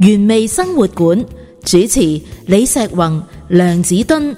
原味生活館主持李石宏、梁子敦。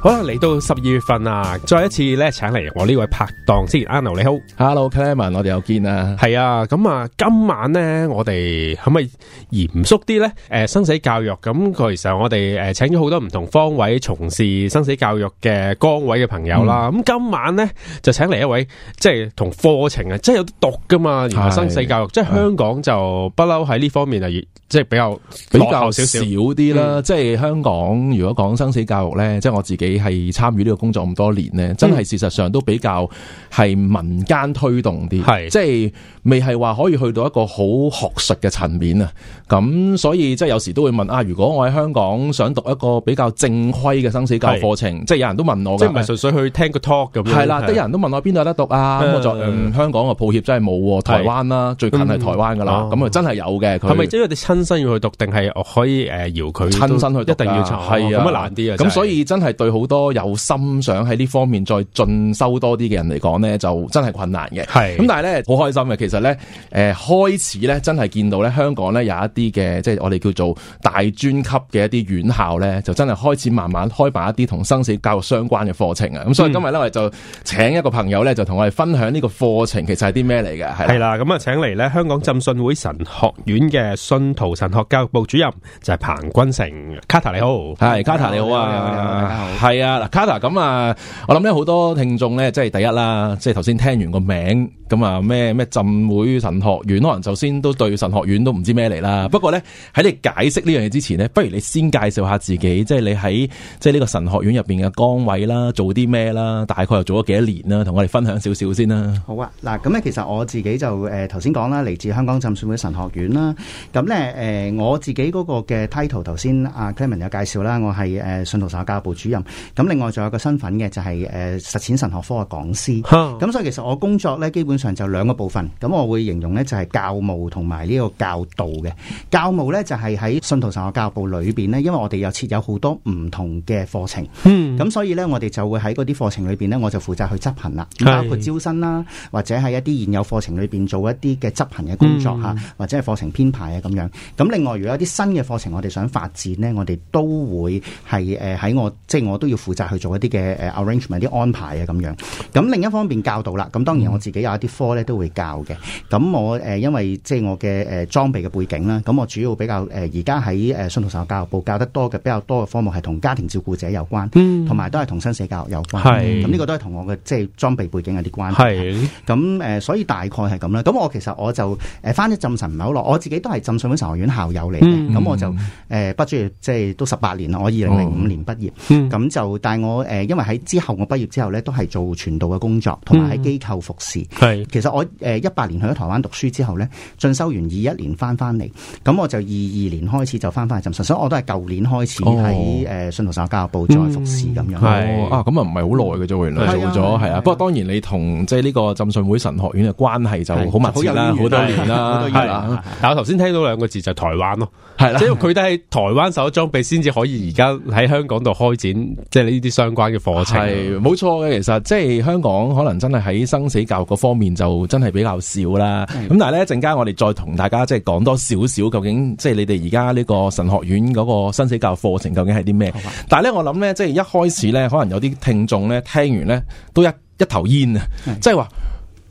好啦，嚟到十二月份啊，再一次咧請嚟我呢位拍檔先，阿劉、no, 你好，Hello，Clayman，我哋又見啦，係啊，咁、嗯、啊，今晚咧我哋可唔可以嚴肅啲咧？誒、呃，生死教育，咁其實我哋誒、呃、請咗好多唔同方位從事生死教育嘅崗位嘅朋友啦，咁、嗯嗯、今晚咧就請嚟一位，即係同課程啊，即係有得讀噶嘛，原來生死教育，的即係香港就不嬲喺呢方面啊，即係比較比較少少啲啦，嗯、即係香港如果講生死教育咧，即係我自己。你係參與呢個工作咁多年呢，真係事實上都比較係民間推動啲，係即係未係話可以去到一個好學術嘅層面啊。咁所以即係有時都會問啊，如果我喺香港想讀一個比較正規嘅生死教育課程，即係有人都問我即係唔係純粹去聽個 talk 咁？係啦，啲人都問我邊度有得讀啊。咁我就香港嘅抱歉真係冇，台灣啦最近係台灣噶啦，咁啊真係有嘅。係咪即係你親身要去讀，定係可以誒搖佢親身去？一定要查，啊，咁啊難啲啊。咁所以真係對好多有心想喺呢方面再進修多啲嘅人嚟講呢，就真係困難嘅。係咁是，但係咧好開心嘅，其實呢，誒、呃、開始呢，真係見到呢香港呢，有一啲嘅，即係我哋叫做大專級嘅一啲院校呢，就真係開始慢慢開辦一啲同生死教育相關嘅課程啊。咁、嗯、所以今日呢，我哋就請一個朋友呢，就同我哋分享呢個課程，其實係啲咩嚟嘅？係啦，咁啊，就請嚟呢香港浸信會神學院嘅信徒神學教育部主任就係、是、彭君成，卡塔你好，係卡塔你好啊，係啊，嗱，卡塔咁啊，我諗咧好多聽眾咧，即係第一啦，即係頭先聽完個名咁啊，咩咩浸會神學院，可能首先都對神學院都唔知咩嚟啦。不過咧喺你解釋呢樣嘢之前呢，不如你先介紹下自己，即係你喺即係呢個神學院入邊嘅崗位啦，做啲咩啦，大概又做咗幾多年啦，同我哋分享少少先啦。好啊，嗱，咁咧其實我自己就誒頭先講啦，嚟自香港浸信會神學院啦。咁咧誒我自己嗰個嘅 title 頭先阿 Clement 有介紹啦，我係誒信徒神學教育部主任。咁另外仲有個身份嘅就係、是、誒、呃、實踐神學科嘅講師，咁呵所以其實我工作咧基本上就兩個部分，咁我會形容咧就係、是、教務同埋呢個教導嘅。教務咧就係、是、喺信徒神學教育部裏邊咧，因為我哋又設有好多唔同嘅課程，咁、嗯、所以咧我哋就會喺嗰啲課程裏邊咧，我就負責去執行啦，包括招生，啦，或者係一啲現有課程裏邊做一啲嘅執行嘅工作吓，嗯、或者係課程編排啊咁樣。咁另外如果有一啲新嘅課程我哋想發展咧，我哋都會係誒喺我即係我都。要負責去做一啲嘅，誒 arrangement 啲安排啊咁樣，咁另一方面教導啦，咁當然我自己有一啲科咧都會教嘅。咁我誒、呃、因為即係我嘅誒裝備嘅背景啦，咁我主要比較誒而家喺誒信徒神學教育部教得多嘅比較多嘅科目係同家庭照顧者有關，同埋、嗯、都係同生死教育有關，係咁呢個都係同我嘅即係裝備背景有啲關係。係咁誒，所以大概係咁啦。咁我其實我就誒翻咗浸神唔係好耐，我自己都係浸信會神學院校友嚟嘅，咁、嗯、我就誒畢業即係都十八年啦，我二零零五年畢業，咁、哦嗯就帶我誒，因為喺之後我畢業之後咧，都係做傳道嘅工作，同埋喺機構服侍。係其實我誒一八年去咗台灣讀書之後咧，進修完，二一年翻翻嚟，咁我就二二年開始就翻翻去浸信，所以我都係舊年開始喺誒信道神教育部再服侍咁樣。係啊，咁啊唔係好耐嘅啫，原來做咗，係啊。不過當然你同即係呢個浸信會神學院嘅關係就好密切啦，好多年啦，係。但我頭先聽到兩個字就係台灣咯，係啦，因為佢哋喺台灣受咗裝備，先至可以而家喺香港度開展。即係呢啲相關嘅課程係冇錯嘅，其實即係香港可能真係喺生死教育嗰方面就真係比較少啦。咁是的 但係咧一陣間我哋再同大家即係講多少少，究竟即係你哋而家呢個神學院嗰個生死教育課程究竟係啲咩？好吧 但係咧我諗咧，即係一開始咧，可能有啲聽眾咧聽完咧都一一頭煙啊！是的 即係話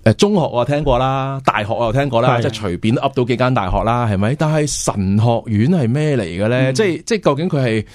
誒，中學我聽過啦，大學我聽過啦，是的 即係隨便噏到幾間大學啦，係咪？但係神學院係咩嚟嘅咧？即係即係究竟佢係？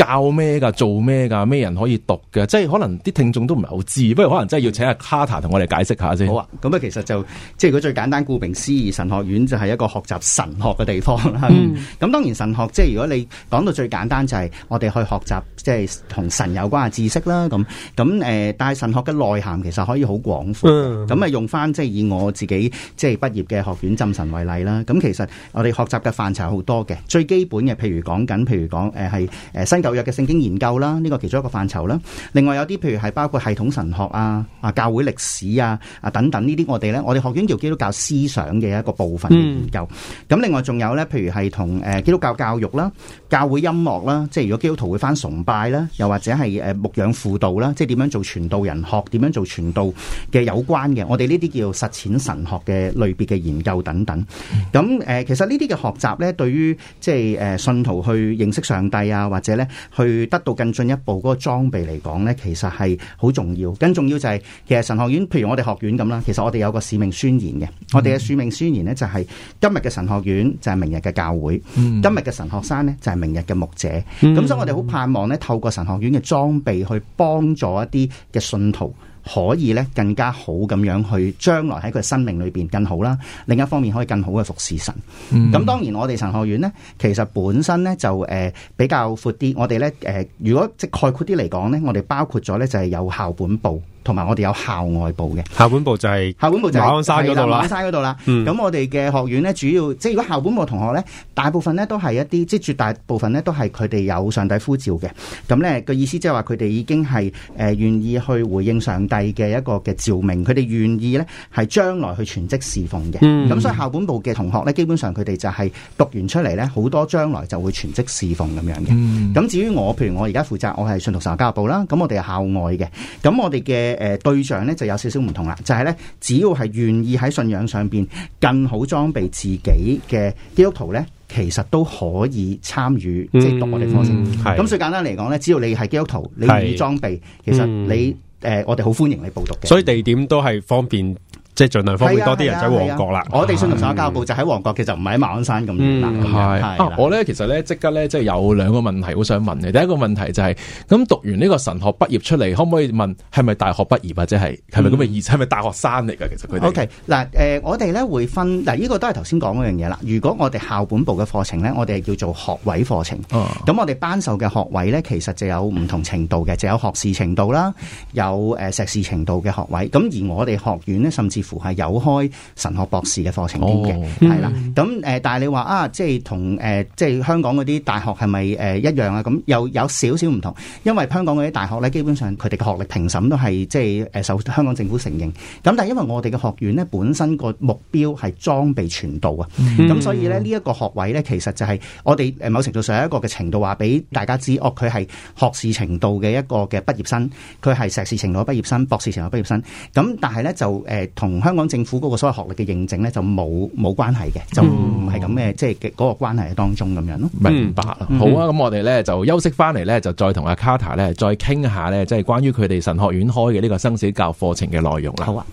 教咩噶？做咩噶？咩人可以讀嘅？即係可能啲聽眾都唔係好知，不如可能真係要請阿卡塔 t a 同我哋解釋下先。好啊，咁啊，其實就即係如果最簡單，顧名思義，神學院就係一個學習神學嘅地方啦。咁、嗯嗯、當然神學即係如果你講到最簡單就，就係我哋去學習即係同神有關嘅知識啦。咁咁誒，但係神學嘅內涵其實可以好廣闊。咁啊、嗯，用翻，即係以我自己即係畢業嘅學院浸神為例啦。咁其實我哋學習嘅範疇好多嘅，最基本嘅譬如講緊，譬如講誒係誒新教育嘅聖經研究啦，呢、這個其中一個範疇啦。另外有啲，譬如係包括系統神學啊、啊教會歷史啊、啊等等呢啲，我哋咧，我哋學院叫基督教思想嘅一個部分嘅研究。咁、嗯、另外仲有咧，譬如係同誒基督教教育啦。教會音樂啦，即係如果基督徒會返崇拜啦，又或者係牧養輔導啦，即係點樣做傳道人學，點樣做傳道嘅有關嘅，我哋呢啲叫實踐神學嘅類別嘅研究等等。咁、呃、其實這些呢啲嘅學習咧，對於即係、呃、信徒去認識上帝啊，或者咧去得到更進一步嗰個裝備嚟講咧，其實係好重要。更重要就係其實神學院，譬如我哋學院咁啦，其實我哋有個使命宣言嘅，我哋嘅使命宣言咧、嗯、就係、是、今日嘅神學院就係明日嘅教會，今日嘅神,、嗯、神學生咧就係。明日嘅牧者，咁所以我哋好盼望咧，透過神學院嘅裝備去幫助一啲嘅信徒，可以咧更加好咁樣去將來喺佢生命裏邊更好啦。另一方面可以更好嘅服侍神。咁當然我哋神學院咧，其實本身咧就誒、呃、比較闊啲。我哋咧誒，如果即概括啲嚟講咧，我哋包括咗咧就係有效本部。同埋我哋有校外部嘅校本部就係馬鞍山嗰度啦，馬鞍山嗰度啦。咁我哋嘅學院咧，主要即係如果校本部同學咧，大部分咧都係一啲，即係絕大部分咧都係佢哋有上帝呼召嘅。咁、那、咧個意思即係話佢哋已經係誒願意去回應上帝嘅一個嘅召命，佢哋願意咧係將來去全職侍奉嘅。咁、嗯、所以校本部嘅同學咧，基本上佢哋就係讀完出嚟咧，好多將來就會全職侍奉咁樣嘅。咁、嗯、至於我，譬如我而家負責，我係信徒神學教育部啦，咁我哋係校外嘅，咁我哋嘅。誒、呃、對象咧就有少少唔同啦，就係、是、咧只要係願意喺信仰上邊更好裝備自己嘅基督徒咧，其實都可以參與即係、嗯、讀我哋課程。咁是所以簡單嚟講咧，只要你係基督徒，你願意裝備，是其實你誒、嗯呃、我哋好歡迎你報讀嘅。所以地點都係方便。即係盡量方便多啲人喺旺角啦。我哋信和信和教育部就喺旺角，其實唔係喺馬鞍山咁遠啦。我咧其實咧即刻咧即係有兩個問題好想問你。第一個問題就係、是、咁讀完呢個神學畢業出嚟，可唔可以問係咪大學畢業或者係係咪咁嘅意思？係咪、嗯、大學生嚟㗎？其實佢哋 OK 嗱，誒、呃、我哋咧會分嗱，呢、這個都係頭先講嗰樣嘢啦。如果我哋校本部嘅課程咧，我哋係叫做學位課程。咁、啊、我哋頒授嘅學位咧，其實就有唔同程度嘅，就有學士程度啦，有誒碩、呃、士程度嘅學位。咁而我哋學院咧，甚至係有開神學博士嘅課程添嘅、oh.，係啦，咁誒，但係你話啊，即係同誒，即係香港嗰啲大學係咪誒一樣啊？咁又有少少唔同，因為香港嗰啲大學咧，基本上佢哋嘅學歷評審都係即係誒受香港政府承認。咁但係因為我哋嘅學院呢，本身個目標係裝備傳道，啊，咁、mm. 所以咧呢一、這個學位咧，其實就係我哋誒某程度上有一個嘅程度話俾大家知，哦，佢係學士程度嘅一個嘅畢業生，佢係碩士程度嘅畢業生，博士程度嘅畢業生。咁但係咧就誒同。呃跟香港政府嗰個所有學歷嘅認證咧，就冇冇關係嘅，就唔係咁嘅。即係嗰個關係當中咁樣咯。明白了好啊，咁我哋咧就休息翻嚟咧，就再同阿卡 a t 咧再傾下咧，即係關於佢哋神學院開嘅呢個生死教課程嘅內容啦。好啊，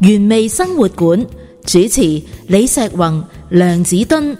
原味生活館主持李石宏、梁子敦。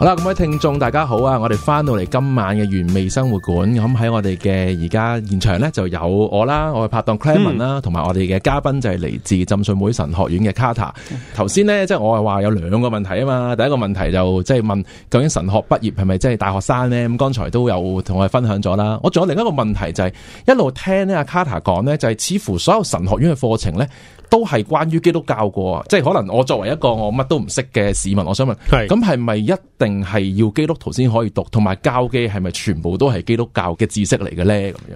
好啦，咁各位聽眾大家好啊！我哋翻到嚟今晚嘅原味生活館，咁喺我哋嘅而家現場咧就有我啦，我嘅拍檔 Clamen 啦、嗯，同埋我哋嘅嘉賓就係嚟自浸信會神學院嘅 Kata 頭先咧，即係我係話有兩個問題啊嘛，第一個問題就即係問究竟神學畢業係咪即係大學生咧？咁剛才都有同我哋分享咗啦。我仲有另一個問題就係、是、一路聽呢阿 Kata 講咧，就係、是、似乎所有神學院嘅課程咧都係關於基督教過即係可能我作為一個我乜都唔識嘅市民，我想問，咁係咪一定？係要基督徒先可以讀，同埋教基係咪全部都係基督教嘅知識嚟嘅咧？咁樣，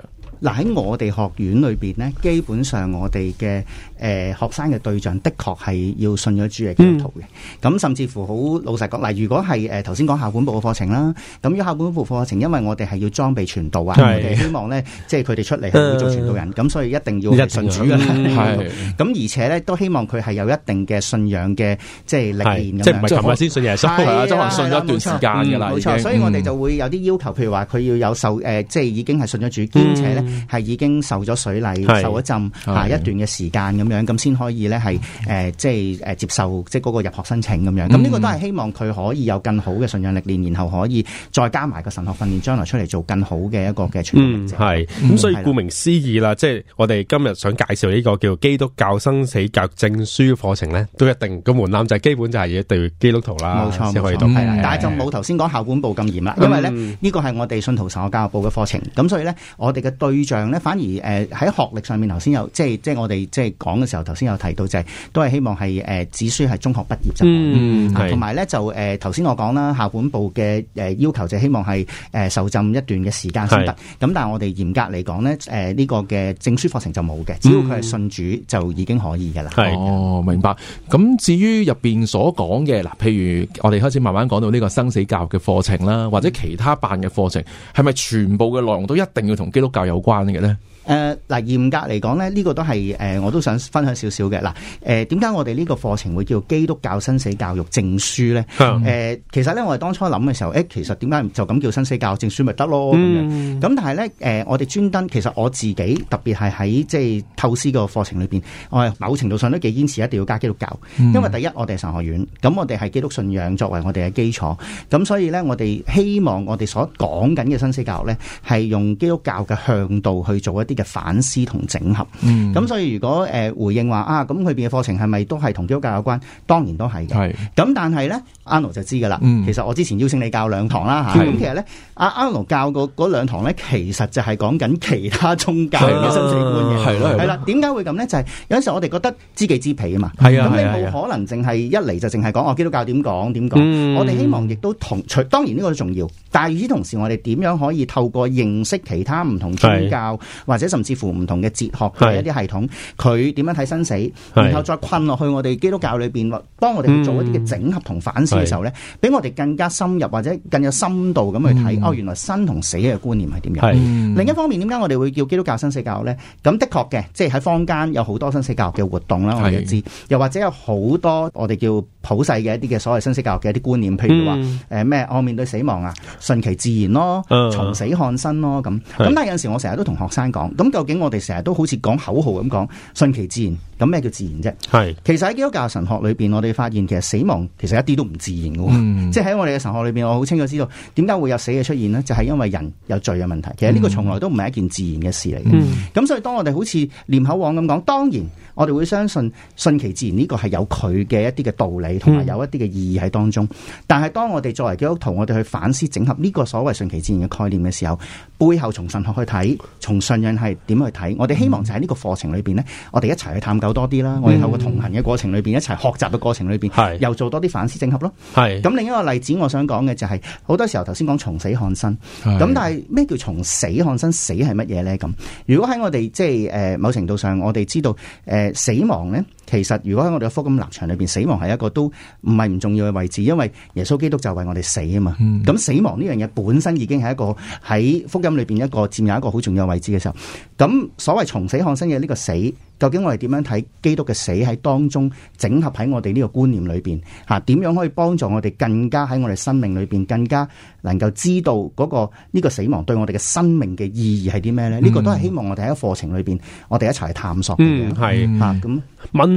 嗱喺我哋學院裏邊咧，基本上我哋嘅。誒學生嘅對象，的確係要信咗主嘅教徒嘅。咁甚至乎好老實講，嗱，如果係誒頭先講校本部嘅課程啦，咁依校本部課程，因為我哋係要裝備傳道啊，我哋希望咧，即係佢哋出嚟係會做傳道人，咁所以一定要信主嘅。咁而且咧，都希望佢係有一定嘅信仰嘅，即係歷練咁樣。即係唔係琴日先信耶穌係啊？周信咗一段時間㗎啦。冇錯，所以我哋就會有啲要求，譬如話佢要有受誒，即係已經係信咗主，兼且咧係已經受咗水禮，受咗浸嚇一段嘅時間咁樣。咁先可以咧，係誒，即係誒，接受即係嗰個入學申請咁樣。咁呢個都係希望佢可以有更好嘅信仰歷練，然後可以再加埋個神學訓練，將來出嚟做更好嘅一個嘅傳道人。係咁，所以顧名思義啦，即係我哋今日想介紹呢個叫基督教生死教育證書課程咧，都一定個門檻就係基本就係要對基督徒啦，先可以讀。但係就冇頭先講校本部咁嚴啦，因為咧，呢個係我哋信徒神學教育部嘅課程，咁所以咧，我哋嘅對象咧，反而誒喺學歷上面頭先有即係即係我哋即係講。講嘅時候，頭先有提到就係、是、都係希望係誒、呃，只需係中學畢業就，同埋咧就誒，頭、呃、先我講啦，校本部嘅誒、呃、要求就希望係誒、呃、受浸一段嘅時間先得。咁是但係我哋嚴格嚟講咧，誒、呃、呢、這個嘅證書課程就冇嘅，只要佢係信主就已經可以噶啦。嗯、是哦，明白。咁至於入邊所講嘅嗱，譬如我哋開始慢慢講到呢個生死教育嘅課程啦，或者其他辦嘅課程，係咪、嗯、全部嘅內容都一定要同基督教有關嘅咧？誒，嗱嚴、呃、格嚟講咧，呢、這個都係誒、呃，我都想分享少少嘅。嗱、呃，誒，點解我哋呢個課程會叫基督教生死教育證書咧？誒、嗯、呃，其實咧，我哋當初諗嘅時候，誒、欸，其實點解就咁叫生死教育證書咪得咯？咁、嗯、但係咧，誒、呃，我哋專登，其實我自己特別係喺即係透視個課程裏邊，我係某程度上都幾堅持一定要加基督教。嗯、因為第一我哋係神學院，咁我哋係基督信仰作為我哋嘅基礎，咁所以咧，我哋希望我哋所講緊嘅生死教育咧，係用基督教嘅向度去做一啲嘅反思同整合，咁所以如果誒回應話啊，咁佢邊嘅課程係咪都係同基督教有關？當然都係嘅。係咁，但係咧，阿奴就知㗎啦。其實我之前邀請你教兩堂啦吓，咁其實咧，阿阿奴教個嗰兩堂咧，其實就係講緊其他宗教嘅生死觀嘅。係啦。點解會咁咧？就係有陣時我哋覺得知己知彼啊嘛。係啊，咁你冇可能淨係一嚟就淨係講哦基督教點講點講，我哋希望亦都同除當然呢個都重要，但係與此同時我哋點樣可以透過認識其他唔同宗教或者或者甚至乎唔同嘅哲學嘅一啲系統，佢點是樣睇生死，是然後再困落去我哋基督教裏邊，幫我哋做一啲嘅整合同反思嘅時候咧，俾、嗯、我哋更加深入或者更有深度咁去睇、嗯、哦，原來生同死嘅觀念係點樣。是另一方面，點解我哋會叫基督教生死教育咧？咁的確嘅，即係喺坊間有好多生死教育嘅活動啦，我哋都知，是又或者有好多我哋叫普世嘅一啲嘅所謂生死教育嘅一啲觀念，譬如話誒咩，我、嗯呃、面對死亡啊，順其自然咯，從死看生咯，咁咁。但係有陣時我成日都同學生講。咁究竟我哋成日都好似講口號咁講，順其自然，咁咩叫自然啫？係是其實喺基督教神學裏邊，我哋發現其實死亡其實一啲都唔自然喎，啊。即係喺我哋嘅神學裏邊，我好清楚知道點解會有死嘅出現呢？就係、是、因為人有罪嘅問題。其實呢個從來都唔係一件自然嘅事嚟嘅。咁、嗯、所以當我哋好似念口簧咁講，當然。我哋會相信順其自然呢個係有佢嘅一啲嘅道理，同埋有一啲嘅意義喺當中。嗯、但係當我哋作為基督徒，我哋去反思整合呢個所謂順其自然嘅概念嘅時候，背後從神學去睇，從信仰係點樣去睇，我哋希望就喺呢個課程裏面呢，我哋一齊去探究多啲啦。嗯、我哋有個同行嘅過程裏面，一齊學習嘅過程裏面，是又做多啲反思整合咯。咁是另一個例子，我想講嘅就係、是、好多時候頭先講從死看生，咁是但係咩叫從死看生，死係乜嘢呢？咁如果喺我哋即係、呃、某程度上，我哋知道、呃誒，死亡咧。其實如果喺我哋嘅福音立場裏邊，死亡係一個都唔係唔重要嘅位置，因為耶穌基督就為我哋死啊嘛。咁、嗯、死亡呢樣嘢本身已經係一個喺福音裏邊一個佔有一個好重要嘅位置嘅時候。咁所謂從死看生嘅呢個死，究竟我哋點樣睇基督嘅死喺當中整合喺我哋呢個觀念裏邊？吓、啊，點樣可以幫助我哋更加喺我哋生命裏邊更加能夠知道嗰、個呢、個死亡對我哋嘅生命嘅意義係啲咩呢？呢、嗯、個都係希望我哋喺個課程裏邊，我哋一齊去探索係吓咁。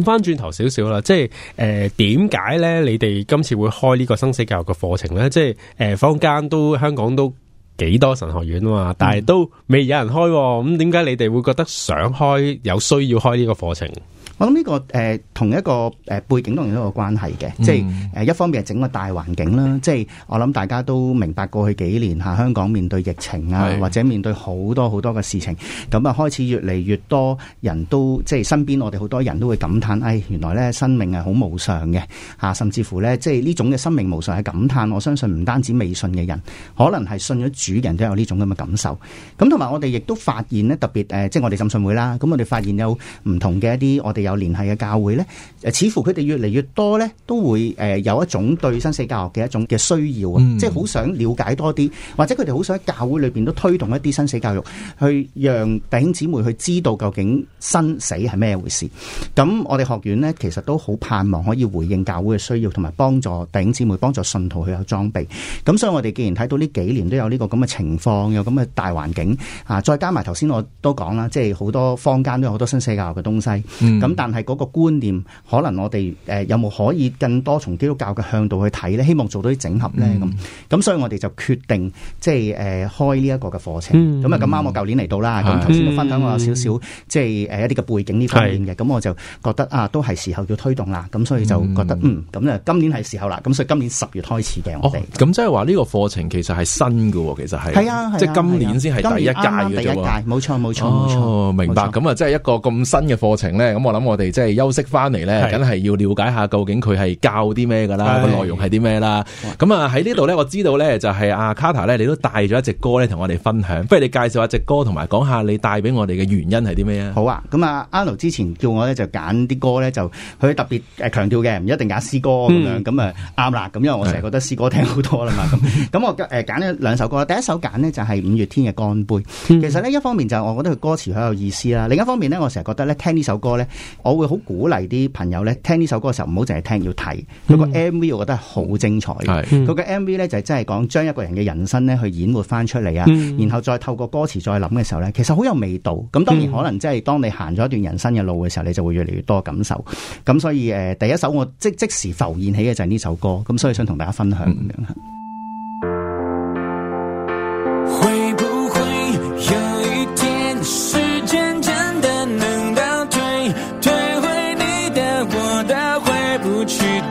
翻轉頭少少啦，即係誒，點解咧？你哋今次會開呢個生死教育嘅課程咧？即係誒，坊間都香港都幾多神學院啊嘛，但係都未有人開喎，咁點解你哋會覺得想開有需要開呢個課程？我諗呢、這個誒、呃、同一個誒、呃、背景當然都有關係嘅，嗯、即係誒一方面係整個大環境啦，嗯、即係我諗大家都明白過去幾年吓香港面對疫情啊，是或者面對好多好多嘅事情，咁啊開始越嚟越多人都即係身邊我哋好多人都會感嘆，誒、哎、原來咧生命係好無常嘅，甚至乎咧即係呢種嘅生命無常嘅感嘆，我相信唔單止未信嘅人，可能係信咗主人都有呢種咁嘅感受。咁同埋我哋亦都發現咧，特別誒、呃、即係我哋浸信會啦，咁我哋發現有唔同嘅一啲我哋，有聯繫嘅教會呢，誒，似乎佢哋越嚟越多呢，都會誒有一種對生死教育嘅一種嘅需要啊，嗯、即係好想了解多啲，或者佢哋好想喺教會裏邊都推動一啲生死教育，去讓弟兄姊妹去知道究竟生死係咩回事。咁我哋學院呢，其實都好盼望可以回應教會嘅需要，同埋幫助弟兄姊妹，幫助信徒去有裝備。咁所以我哋既然睇到呢幾年都有呢個咁嘅情況，有咁嘅大環境啊，再加埋頭先我都講啦，即係好多坊間都有好多生死教育嘅東西，咁、嗯。嗯但係嗰個觀念，可能我哋誒有冇可以更多從基督教嘅向度去睇咧？希望做到啲整合咧咁。咁所以我哋就決定即係誒開呢一個嘅課程。咁啊，咁啱我舊年嚟到啦。咁頭先都分享我少少即係誒一啲嘅背景呢方面嘅。咁我就覺得啊，都係時候要推動啦。咁所以就覺得嗯，咁今年係時候啦。咁所以今年十月開始嘅我哋。咁即係話呢個課程其實係新嘅喎。其實係。係啊，即係今年先係第一屆嘅第一屆，冇錯冇錯冇錯。明白。咁啊，即係一個咁新嘅課程咧。咁我諗我哋即係休息翻嚟咧，梗係是要了解下究竟佢係教啲咩噶啦，個內是容係啲咩啦。咁啊喺呢度咧，我知道咧就係、是、阿、 啊、卡塔咧，你都帶咗一隻歌咧同我哋分享。不如你介紹下隻歌，同埋講下你帶俾我哋嘅原因係啲咩啊？好啊，咁啊，Anu、no、之前叫我咧就揀啲歌咧就佢特別誒強調嘅，唔一定揀詩歌咁樣。咁啊啱啦，咁因為我成日覺得詩歌聽好多啦嘛。咁咁是的 我誒揀咗兩首歌， 第一首揀呢就係、是、五月天嘅乾杯。嗯、其實呢，一方面就係我覺得佢歌詞好有意思啦，另一方面呢，我成日覺得咧聽呢首歌咧。我會好鼓勵啲朋友咧，聽呢首歌嘅時候唔好淨係聽，要睇佢個 M V，我覺得係好精彩嘅。佢嘅、嗯、M V 咧就係真係講將一個人嘅人生咧去演活翻出嚟啊。嗯、然後再透過歌詞再諗嘅時候咧，其實好有味道。咁當然可能即係當你行咗一段人生嘅路嘅時候，你就會越嚟越多感受。咁所以誒、呃，第一首我即即時浮現起嘅就係呢首歌，咁所以想同大家分享咁樣。嗯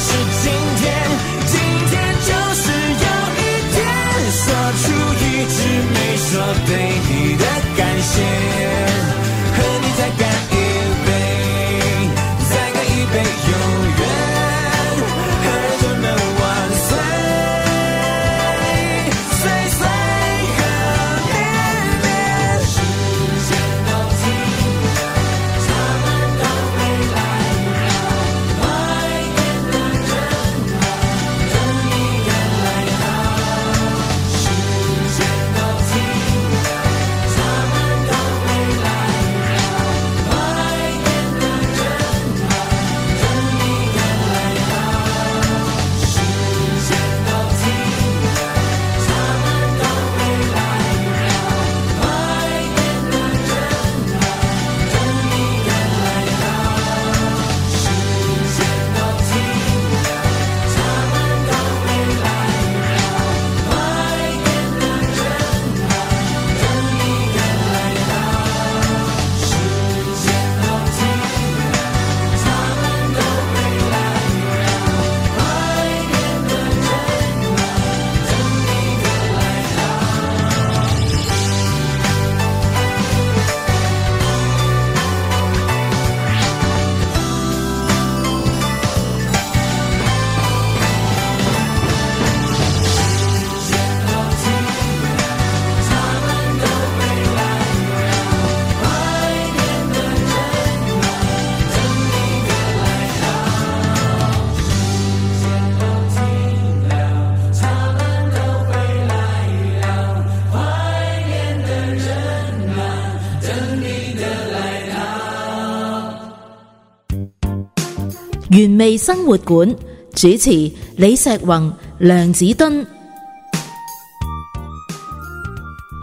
是今天，今天就是有一天，說出一直沒說對你的感謝。原味生活館主持李石宏、梁子敦，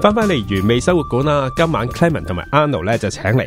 翻返嚟原味生活館啦！今晚 Clement 同埋 Anno 咧就請嚟。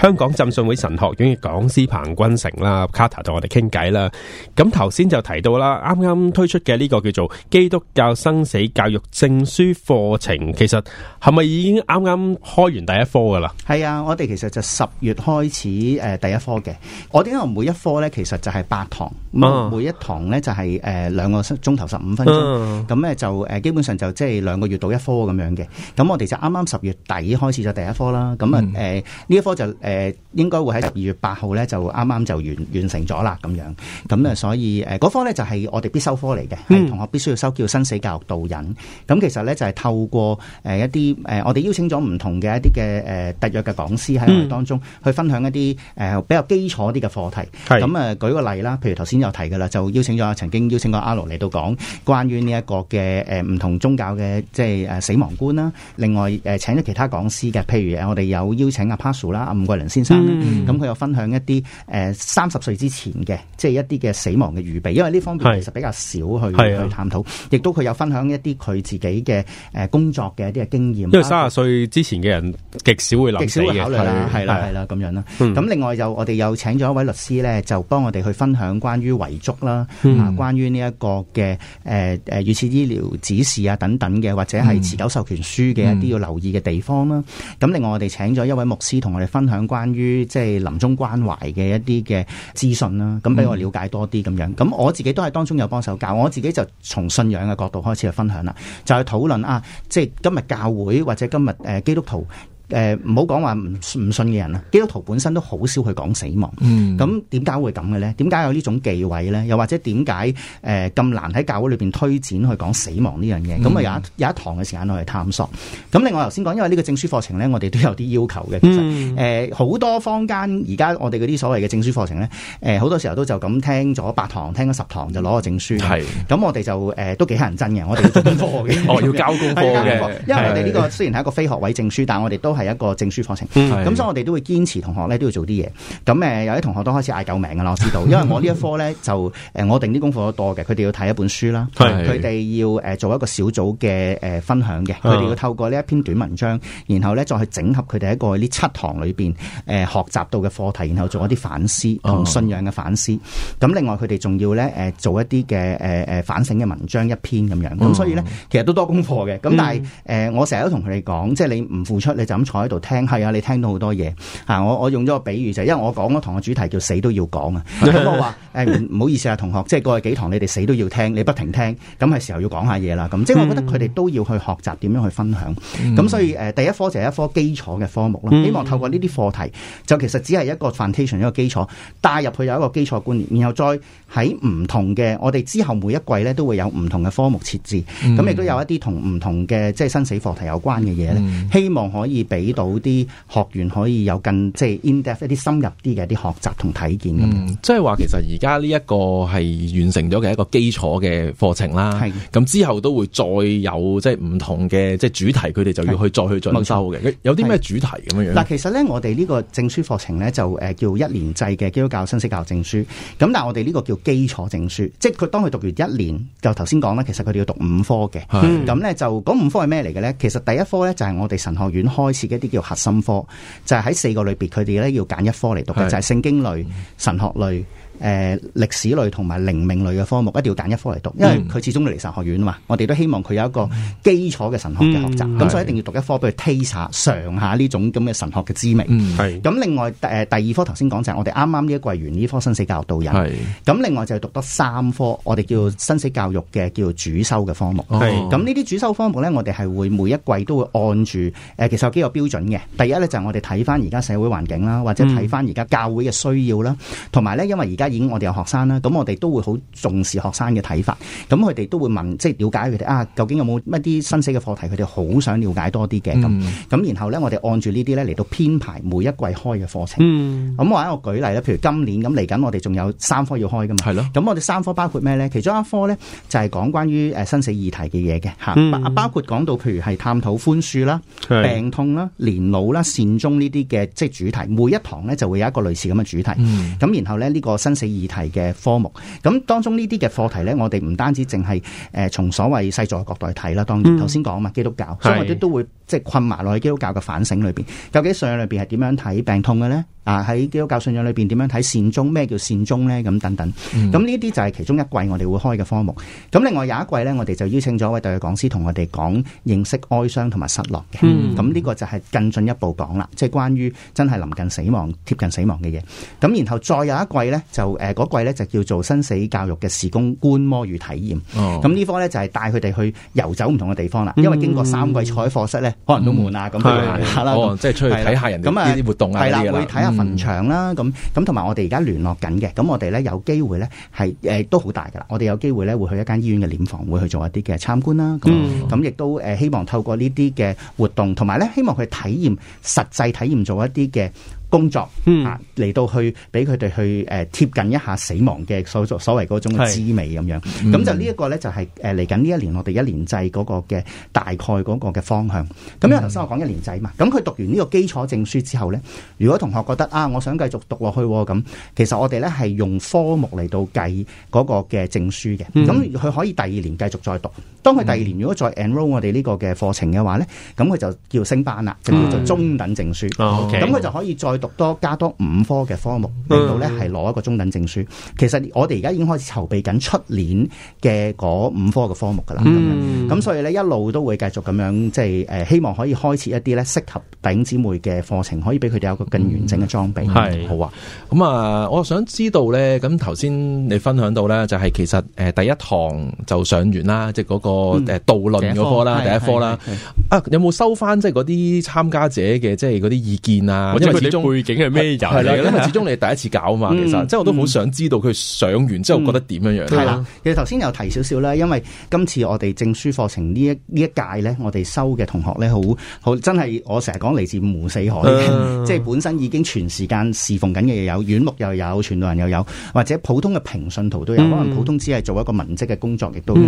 香港浸信會神學院嘅講師彭君成啦，卡特同我哋傾偈啦。咁頭先就提到啦，啱啱推出嘅呢個叫做基督教生死教育證書課程，其實係咪已經啱啱開完第一科噶啦？係啊，我哋其實就十月開始誒、呃、第一科嘅。我哋呢每一科咧，其實就係八堂，每一堂咧就係誒兩個鐘頭十五分鐘。咁咧、啊、就誒、呃、基本上就即係兩個月到一科咁樣嘅。咁我哋就啱啱十月底開始咗第一科啦。咁啊誒呢一科就。呃誒，應該會喺十二月八號咧，就啱啱就完完成咗啦，咁樣，咁啊，所以誒，嗰科咧就係我哋必修科嚟嘅，係同學必須要修，叫生死教育導引。咁其實咧就係透過誒一啲誒，我哋邀請咗唔同嘅一啲嘅誒特約嘅講師喺我哋當中、嗯、去分享一啲誒比較基礎啲嘅課題。咁啊是，舉個例啦，譬如頭先有提噶啦，就邀請咗曾經邀請過阿羅嚟到講關於呢一個嘅誒唔同宗教嘅即係誒死亡觀啦。另外誒，請咗其他講師嘅，譬如我哋有邀請阿 Pascal 啦，阿吳。嗯、梁先生咁佢有分享一啲誒三十歲之前嘅，即係一啲嘅死亡嘅預備，因為呢方面其實比較少去的去探討，亦都佢有分享一啲佢自己嘅誒工作嘅一啲嘅經驗。因為三十歲之前嘅人極少會留少會考慮啦，係啦係啦咁樣啦。咁、嗯、另外就我哋又請咗一位律師咧，就幫我哋去分享關於遺囑啦，嗯、啊關於呢一個嘅誒誒預設醫療指示啊等等嘅，或者係持久授權書嘅一啲要留意嘅地方啦。咁、嗯、另外我哋請咗一位牧師同我哋分享。關於即係臨終關懷嘅一啲嘅資訊啦，咁俾我了解多啲咁樣，咁我自己都係當中有幫手教，我自己就從信仰嘅角度開始去分享啦，就去討論啊，即係今日教會或者今日、呃、基督徒。誒，唔好講話唔唔信嘅人啦，基督徒本身都好少去講死亡。咁點解會咁嘅咧？點解有呢種忌諱咧？又或者點解誒咁難喺教會裏邊推展去講死亡呢樣嘢？咁啊有有一堂嘅時間去探索。咁另外頭先講，因為呢個證書課程咧，我哋都有啲要求嘅。其實誒，好、嗯呃、多坊間而家我哋嗰啲所謂嘅證書課程咧，誒、呃，好多時候都就咁聽咗八堂，聽咗十堂就攞個證書。咁是、呃，我哋就誒都幾乞人憎嘅。我哋功課嘅，我要交功課 因為我哋呢個雖然係一個非學位證書，的但係我哋都係一個證書課程，咁、嗯、所以我哋都會堅持同學咧都要做啲嘢。咁誒，有啲同學都開始嗌救命嘅我知道，因為我一呢一科咧就誒，我定啲功課都多嘅，佢哋要睇一本書啦，佢哋的要誒、呃、做一個小組嘅誒、呃、分享嘅，佢哋要透過呢一篇短文章，然後咧再去整合佢哋一個呢七堂裏邊誒、呃、學習到嘅課題，然後做一啲反思同信仰嘅反思。咁、哦、另外佢哋仲要咧誒、呃、做一啲嘅誒誒反省嘅文章一篇咁樣。咁所以咧、嗯、其實都多功課嘅。咁但係誒、呃嗯、我成日都同佢哋講，即、就、係、是、你唔付出你就坐喺度聽係啊，你聽到好多嘢嚇、啊！我我用咗個比喻就係，因為我講嗰堂嘅主題叫死都要講、嗯、啊！我話誒唔好意思啊，同學，即係過去幾堂你哋死都要聽，你不停聽，咁係時候要講一下嘢講下嘢啦。咁即係我覺得佢哋都要去學習點樣去分享。咁所以、啊、第一科就係一科基礎嘅科目啦。希望透過呢啲課題，就其實只係一個 foundation 一個基礎，帶入去有一個基礎觀念，然後再喺唔同嘅我哋之後每一季咧都會有唔同嘅科目設置，咁亦都有一啲同唔同嘅即係生死課題有關嘅嘢咧，希望可以畀。俾到啲學員可以有更即係、就是、in-depth 一啲深入啲嘅一啲學習同體驗。即係話其實而家呢一個係完成咗嘅一個基礎嘅課程啦。咁是之後都會再有即係唔同嘅即係主題，佢哋就要去是再去進修嘅。錯有啲咩主題咁樣嗱？其實呢，我哋呢個證書課程呢，就誒叫一年制嘅基督教生死教證書。咁但係我哋呢個叫基礎證書，即係佢當佢讀完一年，就頭先講啦，其實佢哋要讀五科嘅。咁呢是、嗯、就嗰五科係咩嚟嘅呢？其實第一科呢，就係我哋神學院開。似一啲叫核心科，就喺四個裏邊，佢哋咧要揀一科嚟讀嘅，就係聖經類、神學類。誒，歷、呃、史類同埋靈命類嘅科目，一定要揀一科嚟讀，因為佢始終要嚟神學院啊嘛。我哋都希望佢有一個基礎嘅神學嘅學習，咁、嗯、所以一定要讀一科一下，畀佢 taste 上下呢種咁嘅神學嘅滋味。係咁、嗯，另外、呃、第二科頭先講就係我哋啱啱呢一季完呢科生死教育導引。係咁是，另外就係讀得三科，我哋叫生死教育嘅叫做主修嘅科目。係咁、哦，呢啲主修科目呢，我哋係會每一季都會按住誒、呃，其實有幾個標準嘅。第一呢，就係、是、我哋睇翻而家社會環境啦，或者睇翻而家教會嘅需要啦，同埋、嗯、呢因為而家。已經我哋有學生啦，咁我哋都會好重視學生嘅睇法，咁佢哋都會問，即、就、係、是、了解佢哋啊，究竟有冇乜啲生死嘅課題，佢哋好想了解多啲嘅咁。咁、嗯、然後咧，我哋按住呢啲咧嚟到編排每一季開嘅課程。咁或者我舉例咧，譬如今年咁嚟緊，我哋仲有三科要開㗎嘛？係咯。咁我哋三科包括咩咧？其中一科咧就係、是、講關於誒生死議題嘅嘢嘅吓，嗯、包括講到譬如係探討寬恕啦、是的 病痛啦、年老啦、善終呢啲嘅即係主題。每一堂咧就會有一個類似咁嘅主題。咁、嗯、然後咧呢、這個生死。四二題嘅科目，咁當中這些課題呢啲嘅課題咧，我哋唔單止淨係誒從所謂世俗嘅角度去睇啦。當然頭先講啊嘛，基督教，所以我哋都會即係的困埋落去基督教嘅反省裏邊。究竟信仰裏邊係點樣睇病痛嘅咧？喺基督教信仰裏邊，點樣睇善終？咩叫善終咧？咁等等，咁呢啲就係其中一季我哋會開嘅科目。咁另外有一季咧，我哋就邀請咗一位特約講師同我哋講認識哀傷同埋失落嘅。咁呢個就係更進一步講啦，即係關於真係臨近死亡、貼近死亡嘅嘢。咁然後再有一季咧，就誒嗰季咧就叫做生死教育嘅事工觀摩與體驗。咁呢科咧就係帶佢哋去遊走唔同嘅地方啦。因為經過三季採課室咧，可能都悶啊，咁樣啦，即係出去睇下人哋啲活動啊，場啦，咁咁同埋我哋而家聯絡緊嘅，咁我哋咧有機會咧係誒都好大噶啦，我哋有機會咧會去一間醫院嘅殮房，會去做一啲嘅參觀啦，咁咁亦都誒、呃、希望透過呢啲嘅活動，同埋咧希望佢體驗實際體驗做一啲嘅。工作啊，嚟到去俾佢哋去誒貼近一下死亡嘅所所所謂嗰種滋味咁樣，咁、嗯、就呢一個呢，就係誒嚟緊呢一年我哋一年制嗰個嘅大概嗰個嘅方向。咁因為頭先我講一年制嘛，咁佢讀完呢個基礎證書之後呢，如果同學覺得啊，我想繼續讀落去咁，其實我哋呢係用科目嚟到計嗰個嘅證書嘅，咁佢、嗯、可以第二年繼續再讀。當佢第二年如果再 enroll 我哋呢個嘅課程嘅話呢，咁佢就叫升班啦，嗯、就叫做中等證書。咁佢、哦 okay，就可以再。讀多加多五科嘅科目，嚟到咧，係攞一個中等證書。其實我哋而家已經開始籌備緊出年嘅嗰五科嘅科目噶啦。咁、嗯、樣咁，所以咧一路都會繼續咁樣，即係誒、呃，希望可以開設一啲咧適合丙姊妹嘅課程，可以俾佢哋有一個更完整嘅裝備。係、嗯、好啊。咁啊、嗯呃，我想知道咧，咁頭先你分享到咧，就係、是、其實誒、呃、第一堂就上完啦，即係嗰、那個誒、嗯、導論嗰科啦，第一科啦。是啊，有冇收翻即係嗰啲參加者嘅即係嗰啲意見啊？知因為始終你中。背景係咩人嚟嘅咧？因為始終你係第一次搞啊嘛，嗯、其實，即係我都好想知道佢上完之後覺得點樣樣、嗯。係、嗯、啦，其實頭先又提少少啦，因為今次我哋證書課程呢一呢一屆咧，我哋收嘅同學咧，好好真係我成日講嚟自五湖四海嘅，嗯、即係本身已經全時間侍奉緊嘅又有院牧又有傳道人又有，或者普通嘅平信徒都有，嗯、可能普通只係做一個文職嘅工作亦都有。咁、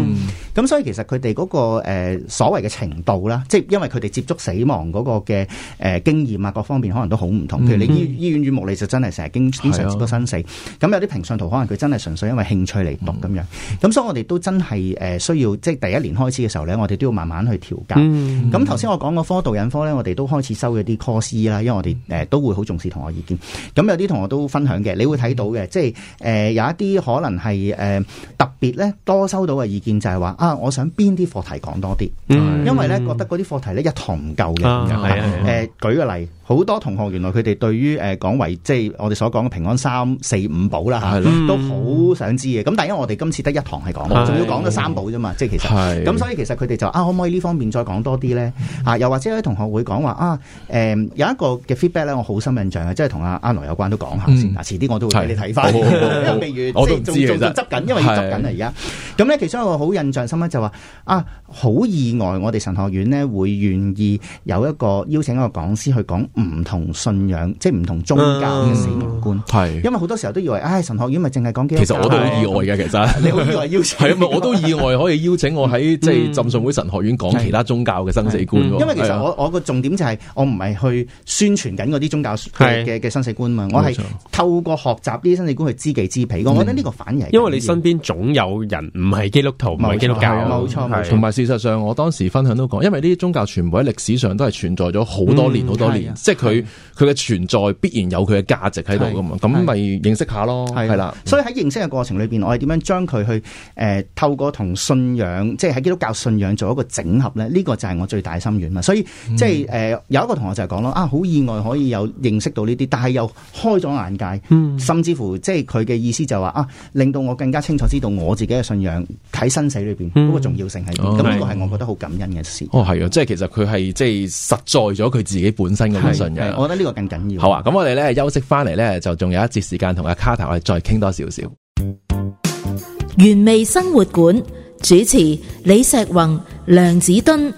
嗯、所以其實佢哋嗰個誒、呃、所謂嘅程度啦，即係因為佢哋接觸死亡嗰個嘅誒、呃、經驗啊，各方面可能都好唔同。嗯你醫醫院與牧靈就真係成日經經常見到生死，咁有啲平信徒可能佢真係純粹因為興趣嚟讀咁樣，咁所以我哋都真係誒需要，即係第一年開始嘅時候咧，我哋都要慢慢去調教。咁頭先我講個科導引科咧，我哋都開始收一啲 course 啦，因為我哋誒都會好重視同學意見。咁有啲同學都分享嘅，你會睇到嘅，即係誒有一啲可能係誒特別咧多收到嘅意見就係話啊，我想邊啲課題講多啲，因為咧覺得嗰啲課題咧一堂唔夠嘅。誒舉個例，好多同學原來佢哋。對於誒講為即係我哋所講嘅平安三四五寶啦嚇，嗯、都好想知嘅。咁但因為我哋今次得一堂係講，仲是要講咗三寶啫嘛，即係其實。係是。咁所以其實佢哋就啊，可唔可以呢方面再講多啲咧？嚇、嗯啊，又或者有啲同學會講話啊，誒、呃、有一個嘅 feedback 咧，我好深印象嘅，即係同阿阿羅有關，都講下先、嗯、啊。遲啲我都會俾你睇翻，因為譬如我，還我都仲要啦，執緊，因為要執緊是啊而家。咁咧，其中一個我好印象深刻就話啊，好意外我哋神學院咧會願意有一個邀請一個講師去講唔同信仰。即係唔同宗教嘅生死觀，係因為好多時候都以為，唉，神學院咪淨係講基督教。其實我都好意外嘅，其實你好以為邀請係，我都意外可以邀請我喺即係浸信會神學院講其他宗教嘅生死觀。因為其實我我個重點就係我唔係去宣傳緊嗰啲宗教嘅嘅生死觀嘛，我係透過學習啲生死觀去知己知彼。我我覺得呢個反而，因為你身邊總有人唔係基督徒，唔係基督教啊，冇錯。同埋事實上，我當時分享都講，因為呢啲宗教全部喺歷史上都係存在咗好多年，好多年，即係佢佢嘅存在必然有佢嘅價值喺度噶嘛，咁咪認識下咯，係啦的。的所以喺認識嘅過程裏邊，我係點樣將佢去誒、呃、透過同信仰，即係喺基督教信仰做一個整合咧？呢、這個就係我最大嘅心願嘛。所以即係誒、呃、有一個同學就講咯，啊好意外可以有認識到呢啲，但係又開咗眼界，甚至乎即係佢嘅意思就話啊，令到我更加清楚知道我自己嘅信仰喺生死裏邊嗰、嗯、個重要性係點。咁呢 Okay. 個係我覺得好感恩嘅事。哦，係啊，即係其實佢係即係實在咗佢自己本身嘅信仰。我覺得呢個更緊。好啊！咁我哋休息返嚟呢，就仲有一節時間同阿卡塔再傾多少少。原味生活館主持李石宏、梁子敦。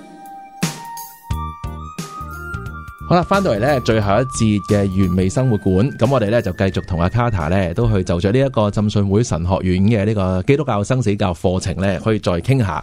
咁翻到嚟呢，最後一節嘅完美生活館，咁我哋呢就繼續同阿卡塔 t a 都去就住呢一個浸信會神學院嘅呢個基督教生死教課程呢，可以再傾下。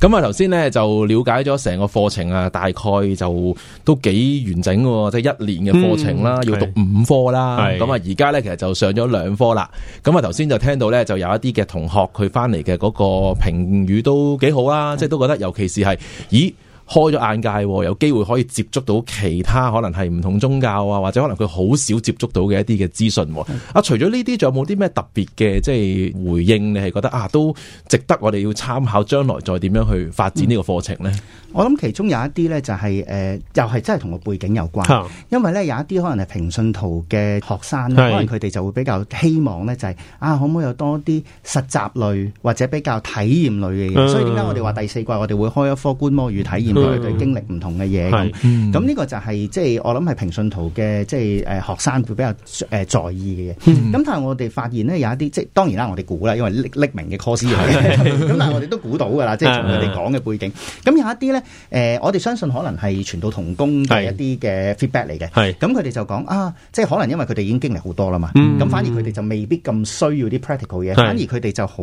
咁啊、嗯，頭先呢就了解咗成個課程啊，大概就都幾完整喎，即、就、係、是、一年嘅課程啦，嗯、要讀五科啦。咁啊是，而家呢其實就上咗兩科啦。咁啊是，頭先就聽到呢，就有一啲嘅同學佢翻嚟嘅嗰個評語都幾好啦，嗯、即係都覺得，尤其是係，咦？開咗眼界，有機會可以接觸到其他可能係唔同宗教啊，或者可能佢好少接觸到嘅一啲嘅資訊。是啊，除咗呢啲，仲有冇啲咩特別嘅即係回應？你係覺得啊，都值得我哋要參考，將來再點樣去發展呢個課程呢？嗯我諗其中有一啲咧，就係誒，又係真係同個背景有關，因為咧有一啲可能係平信徒嘅學生，可能佢哋就會比較希望咧，就係啊，可唔可以有多啲實習類或者比較體驗類嘅嘢？所以點解我哋話第四季我哋會開一科觀摩與體驗，佢去經歷唔同嘅嘢。咁呢個就係即係我諗係平信徒嘅即係誒學生會比較誒在意嘅嘢。咁但係我哋發現咧有一啲即係當然啦，我哋估啦，因為匿匿名嘅 course 嚟嘅，咁但係我哋都估到噶啦，即係從佢哋講嘅背景。咁有一啲咧。誒、呃，我哋相信可能係傳道同工嘅一啲嘅 feedback 嚟嘅，係咁佢哋就講啊，即係可能因為佢哋已經經歷好多啦嘛，咁、嗯、反而佢哋就未必咁需要啲 practical 嘢，是反而佢哋就好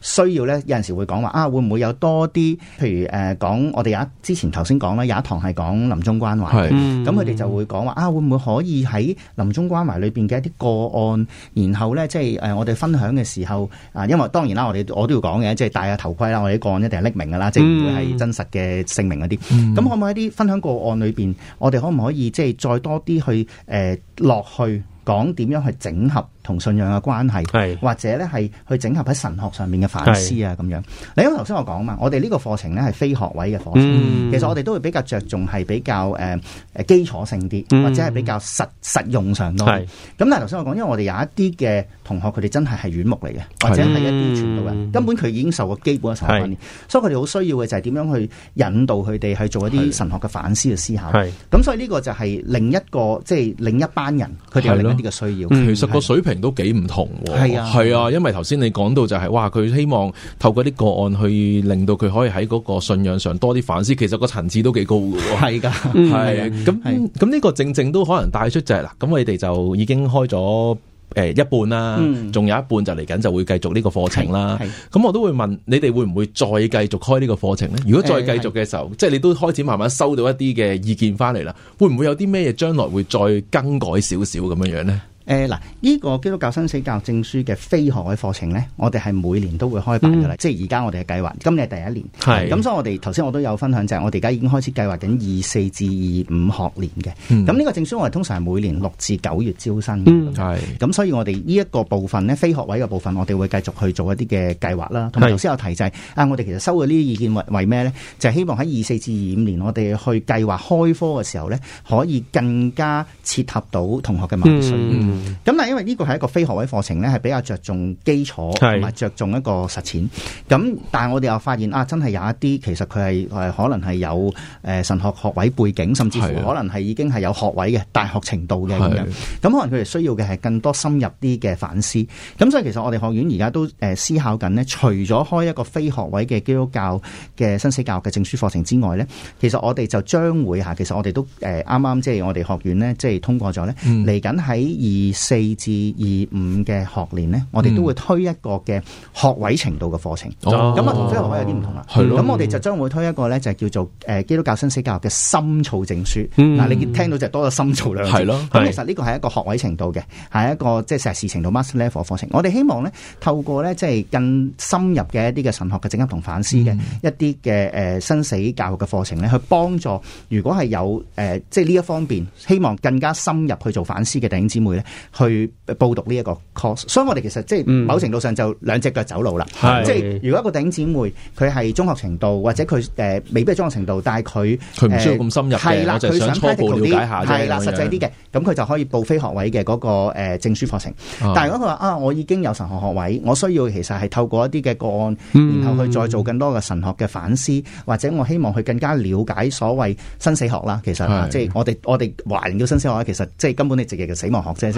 需要咧。有陣時會講話啊，會唔會有多啲？譬如誒、呃，講我哋有一之前頭先講啦，有一堂係講臨終關懷，咁佢哋就會講話啊，會唔會可以喺臨終關懷裏邊嘅一啲個案，然後咧即係誒、呃、我哋分享嘅時候啊，因為當然啦，我哋我都要講嘅，即係戴下頭盔啦，我哋個案一定係匿名噶啦，嗯、即係唔會係真實嘅。證明嗰啲，咁、嗯、可唔可以喺啲分享個案裏邊，我哋可唔可以即係再多啲去誒落、呃、去講點樣去整合？同信仰嘅關係，或者咧係去整合喺神學上面嘅反思啊，咁是樣。因為頭先我講嘛，我哋呢個課程咧係非學位嘅課程，嗯、其實我哋都會比較着重係比較誒誒、呃、基礎性啲，嗯、或者係比較實實用上多。咁是但係頭先我講，因為我哋有一啲嘅同學，佢哋真係係軟木嚟嘅，或者係一啲傳道人，是根本佢已經受過基本嘅神學訓練，所以佢哋好需要嘅就係點樣去引導佢哋去做一啲神學嘅反思嘅思考。咁所以呢個就係另一個即係、就是、另一班人佢哋有另一啲嘅需要。的其,嗯、其實個水平。都幾唔同係啊，係啊，因為頭先你講到就係、是、哇，佢希望透過啲個案去令到佢可以喺嗰個信仰上多啲反思，其實個層次都幾高噶。係噶的，係咁咁呢個正正都可能帶出就係啦。咁你哋就已經開咗誒、呃、一半啦，仲、嗯、有一半就嚟緊就會繼續呢個課程啦。咁我都會問你哋會唔會再繼續開呢個課程呢？如果再繼續嘅時候，即係、欸、你都開始慢慢收到一啲嘅意見翻嚟啦，會唔會有啲咩嘢將來會再更改少少咁樣樣呢？誒嗱，呢、啊，這個基督教生死教育證書嘅非學位課程呢，我哋係每年都會開辦嘅啦。嗯、即係而家我哋嘅計劃，今年係第一年。咁，所以我哋頭先我都有分享，就係我哋而家已經開始計劃緊二四至二五學年嘅。咁呢個證書我哋通常係每年六至九月招生嘅。咁，所以我哋呢一個部分呢，非學位嘅部分，我哋會繼續去做一啲嘅計劃啦。同埋頭先有提就係是啊，我哋其實收咗呢啲意見為咩呢？就係、是、希望喺二四至二五年，我哋去計劃開科嘅時候呢，可以更加切合到同學嘅興咁、嗯、但係因為呢個係一個非學位課程咧，係比較着重基礎同埋着重一個實踐。咁是但係我哋又發現啊，真係有一啲其實佢係誒可能係有誒、呃、神學學位背景，甚至乎可能係已經係有學位嘅大學程度嘅咁是樣。咁可能佢哋需要嘅係更多深入啲嘅反思。咁所以其實我哋學院而家都誒、呃、思考緊呢，除咗開一個非學位嘅基督教嘅生死教育嘅證書課程之外呢，其實我哋就將會吓，其實我哋都誒啱啱即係我哋學院呢，即、就、係、是、通過咗呢，嚟緊喺二。四至二五嘅學年呢，我哋都會推一個嘅學位程度嘅課程，咁啊、嗯哦嗯、同非學位有啲唔同啦。咁咯、嗯、我哋就將會推一個呢，就係叫做誒基督教生死教育嘅深造證書。嗱、嗯啊，你聽到就多咗深造兩字、係咯，咁、嗯嗯、其實呢個係一個學位程度嘅，係一個即係碩士程度 master level 課程。我哋希望呢，透過呢即係更深入嘅一啲嘅神學嘅整合同反思嘅一啲嘅誒生死教育嘅課程呢，去幫助如果係有誒、呃、即係呢一方面希望更加深入去做反思嘅弟兄姊妹呢。去報讀呢一個 course，所以我哋其實即係某程度上就兩隻腳走路啦。嗯、即係如果一個頂姊妹，佢係中學程度或者佢誒、呃、未必係中學程度，但係佢佢唔需要咁深入嘅，了我係想初步瞭解下嘅，啦，實際啲嘅，咁佢樣就可以報非學位嘅嗰、那個誒、呃、證書課程。但係如果佢話啊，我已經有神學學位，我需要其實係透過一啲嘅個案，然後去再做更多嘅神學嘅反思，嗯、或者我希望佢更加了解所謂生死學啦。其實是即係我哋我哋懷疑嘅生死學，其實即係根本你直接嘅死亡學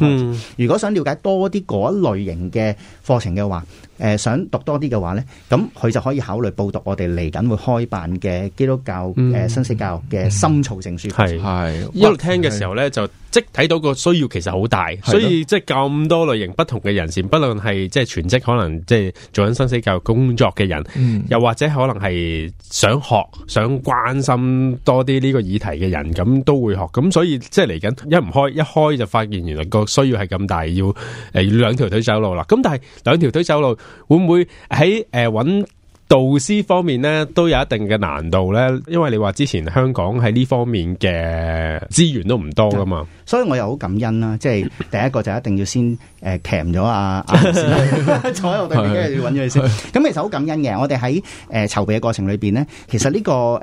嗯，如果想了解多啲嗰一類型嘅課程嘅話。誒、呃，想讀多啲嘅話咧，咁佢就可以考慮報讀我哋嚟緊會開辦嘅基督教誒、嗯呃，生死教育嘅深造證書。係係哇一路聽嘅時候咧，是就即睇到個需要其實好大，的所以即咁多類型不同嘅人士，不論係即全職可能即做緊生死教育工作嘅人，嗯、又或者可能係想學、想關心多啲呢個議題嘅人，咁都會學。咁所以即嚟緊一唔開一開就發現原來個需要係咁大，要誒、呃、兩條腿走路啦。咁但係兩條腿走路。會唔會喺呃、揾導師方面呢，都有一定嘅難度呢？因為你話之前香港喺呢方面嘅資源都唔多噶嘛。所以我又好感恩啦，即係第一個就一定要先誒 cam 咗阿阿老師，在我對面，跟住揾咗佢先。咁 其實好感恩嘅，我哋喺誒籌備嘅過程裏邊咧，其實呢、呢個誒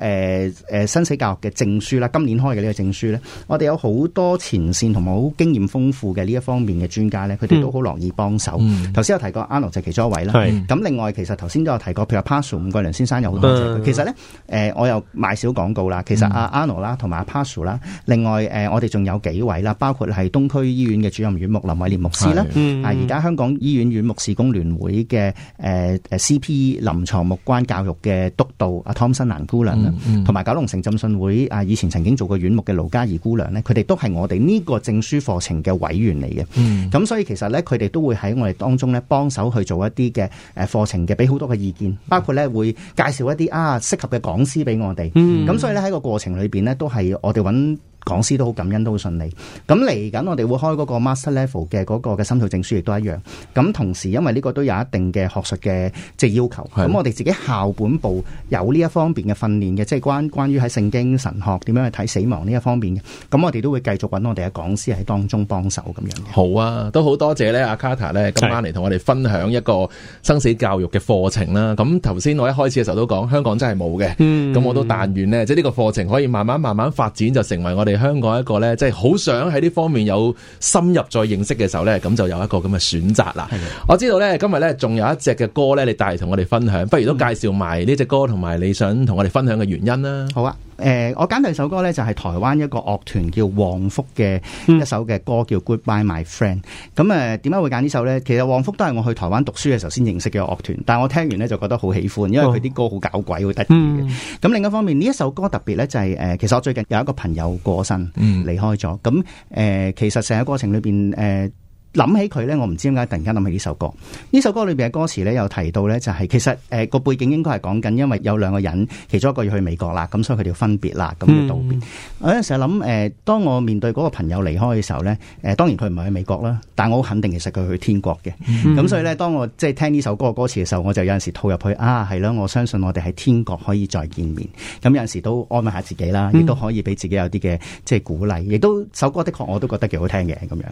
誒生死教育嘅證書啦，今年開嘅呢個證書咧，我哋有好多前線同埋好經驗豐富嘅呢一方面嘅專家咧，佢哋都好樂意幫手。頭先、嗯、有提過阿諾、no、就其中一位啦，咁是另外其實頭先都有提過譬如阿 Passu 五個梁先生有好多 其呢、呃，其實咧誒我又賣少廣告啦。其實阿阿、啊、諾啦同埋阿 Passu、so, 啦，另外誒、呃、我哋仲有幾位。係啦，包括係東區醫院嘅主任院牧林偉廉牧師啦，啊的，而家、嗯嗯、香港醫院院牧事工聯會嘅誒誒、呃、CPE 臨床牧關教育嘅督導阿湯新蘭姑娘啦，同埋、嗯嗯、九龍城浸信會啊、呃，以前曾經做過院牧嘅盧嘉怡姑娘咧，佢哋都係我哋呢個證書課程嘅委員嚟嘅，咁、嗯嗯、所以其實咧，佢哋都會喺我哋當中咧幫手去做一啲嘅誒課程嘅，俾好多嘅意見，包括咧會介紹一啲啊適合嘅講師俾我哋，咁、嗯嗯、所以咧喺個過程裏邊咧，都係我哋揾。講師都好感恩，都好順利。咁嚟緊，我哋會開嗰個 master level 嘅嗰個嘅深度證書，亦都一樣。咁同時，因為呢個都有一定嘅學術嘅即係要求。咁我哋自己校本部有呢一方面嘅訓練嘅，即係關關於喺聖經神學點樣去睇死亡呢一方面嘅。咁我哋都會繼續揾我哋嘅講師喺當中幫手咁樣嘅。好啊，都好多謝咧，阿 Kata 咧，今晚嚟同我哋分享一個生死教育嘅課程啦。咁頭先我一開始嘅時候都講，香港真係冇嘅。咁我都但願咧，即係呢個課程可以慢慢慢慢發展，就成為我哋。香港一個呢，即係好想喺呢方面有深入再認識嘅時候呢，咁就有一個咁嘅選擇啦。是的 我知道呢，今日呢仲有一隻嘅歌呢，你帶嚟同我哋分享，不如都介紹埋呢隻歌同埋你想同我哋分享嘅原因啦。好啊。誒，我揀第二首歌咧就係台灣一個樂團叫旺福嘅一首嘅歌叫 Goodbye My Friend。咁誒，點解會揀呢首咧？其實旺福都係我去台灣讀書嘅時候先認識嘅樂團，但係我聽完咧就覺得好喜歡，因為佢啲歌好搞鬼，好得意嘅。咁另一方面，呢一首歌特別咧就係誒，其實我最近有一個朋友過身，離開咗。咁誒，其實成個過程裏邊誒。諗起佢呢，我唔知點解突然間諗起呢首歌。呢首歌裏邊嘅歌詞呢，有提到呢，就係、是、其實誒個、呃、背景應該係講緊，因為有兩個人，其中一個要去美國啦，咁所以佢哋要分別啦，咁要道別。嗯、我有陣時諗誒、呃，當我面對嗰個朋友離開嘅時候呢，誒、呃、當然佢唔係去美國啦，但我好肯定，其實佢去天國嘅。咁、嗯、所以呢，當我即係聽呢首歌嘅歌詞嘅時候，我就有陣時套入去啊，係啦，我相信我哋喺天國可以再見面。咁有陣時都安慰下自己啦，亦都、嗯、可以俾自己有啲嘅即係鼓勵，亦都首歌的確我都覺得幾好聽嘅咁樣。